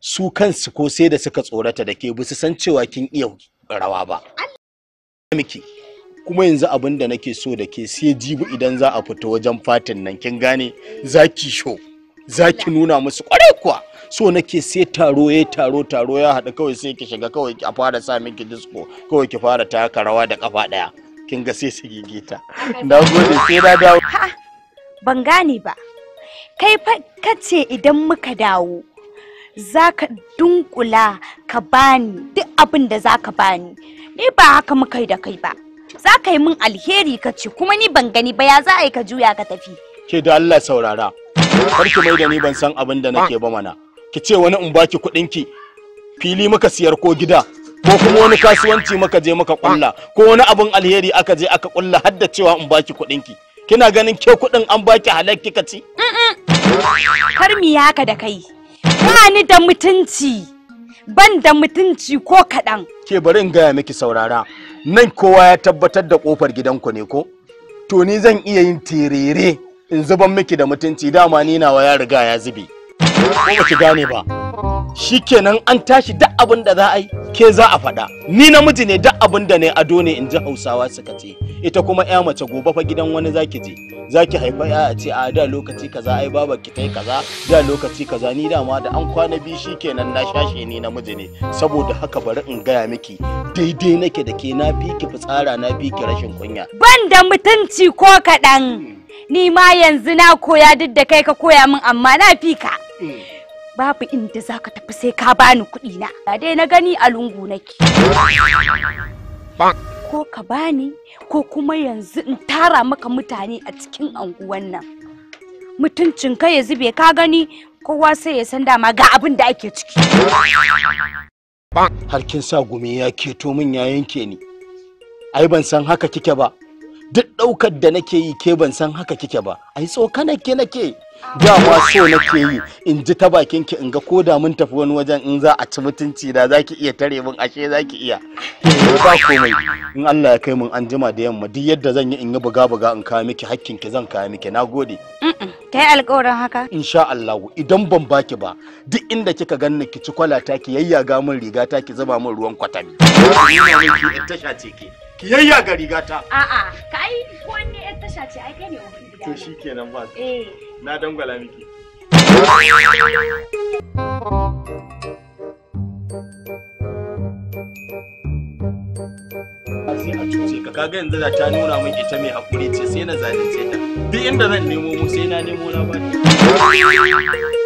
su kansu ko sai da suka tsorata da ke bisu san cewa kin iya rawa ba. Miki. kuma yanzu abin da nake so da ke sai jibi idan za a fita wajen fatin nan kin gane zaki za zaki nuna musu kwarai kuwa so nake sai taro ya taro taro ya haɗu kawai sai ki shiga kawai a fara sa miki disco kawai ki fara taka rawa da kafa ɗaya kin ga sai su gigita na gode sai na dawo ban gane ba kai fa kace idan muka dawo za ka dunkula ka bani duk abin da za ka bani ni ba haka muka yi da kai ba za ka yi min alheri ka ci kuma ni ban gani ba ya za a yi ka juya ka tafi ke da Allah saurara kar ki mai da ni ban san abin da nake ba mana ki ce wani in baki kuɗin ki fili muka siyar ko gida ko kuma wani kasuwanci muka je muka kulla ko wani abin alheri aka je aka kulla har da cewa in baki kuɗin ki kina ganin ke kuɗin an baki halak kika ci kar mi haka da kai ba ni da mutunci ban da mutunci ko kaɗan ke bari in gaya miki saurara nan kowa ya tabbatar da kofar gidanku ne ko to ni zan iya yin terere in zuban miki da mutunci dama ni nawa ya riga ya zube ko ba ki gane ba shikenan an tashi duk abin da za a yi ke za a faɗa ni namiji ne duk abin da ne ado ne in ji hausawa suka ce ita kuma ya mace gobe fa gidan wani zaki je zaki haifa ya a ce a da lokaci kaza ai baba ki tai kaza da lokaci kaza ni dama da an kwana biyu shikenan na shashe ni namiji ne saboda haka bari in gaya miki daidai nake da ke na fi ki fitsara na fi ki rashin kunya. Ban da mutunci ko kaɗan. Ni ma yanzu na koya duk da kai ka koya min amma na fi ka. Babu inda za ka tafi sai ka bani kuɗi na. Ga dai na gani a lungu nake. Ko ka bani ko kuma yanzu in tara maka mutane a cikin anguwan nan. Mutuncin kai ya zube ka gani kowa sai ya san dama ga abin da ake ciki. har kin sa gumi ya keto min ya yanke ni ai ban san haka kike ba duk ɗaukar da nake yi ke ban san haka kike ba ai tsokanar ke nake dama so nake yi in ji ta bakin ki in ga ko da mun tafi wani wajen in za a ci mutunci da zaki iya tare min ashe zaki iya ba komai in Allah ya kai mun an jima da yamma duk yadda zan yi in yi buga buga in kawo miki hakkin ki zan kawo miki nagode ta yi alƙawarin haka insha Allah idan ban baki ba duk inda kika ganni ki ci kwalata ki yayyaga min rigata ki zuba min ruwan kwatami tasha ce ki yayyaga rigata a'a kai ko ne tasha ce ai kai ne to shikenan ba eh na dangwala miki kaga yanzu da ta nuna min ita mai hakuri ce sai na zalunce ta duk inda zan nemo mu sai na nemo na ba